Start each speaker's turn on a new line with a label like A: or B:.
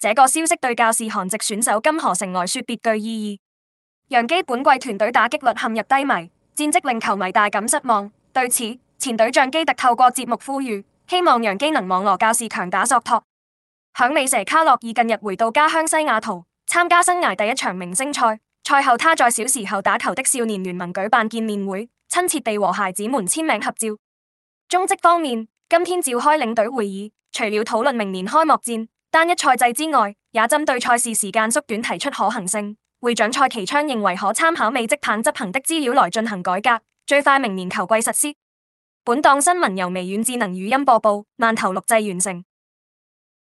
A: 這個消息對教士韓籍選手金河成來說別具意義。洋基本季團隊打擊率陷入低迷，戰績令球迷大感失望。對此，前隊長基特透過節目呼籲，希望洋基能網羅教士強打索托。響尾蛇卡洛爾近日回到家鄉西雅圖，參加生涯第一場明星賽。賽後，他在小時候打球的少年聯盟舉辦見面會，親切地和孩子們簽名合照。中職方面，今天召開領隊會議，除了討論明年開幕戰，單一賽制之外，也針對賽事時間縮短提出可行性。會長蔡其昌認為可參考美職棒執行的資料來進行改革，最快明年秋季實施。本檔新聞由微軟智能語音播報，慢頭錄製完成。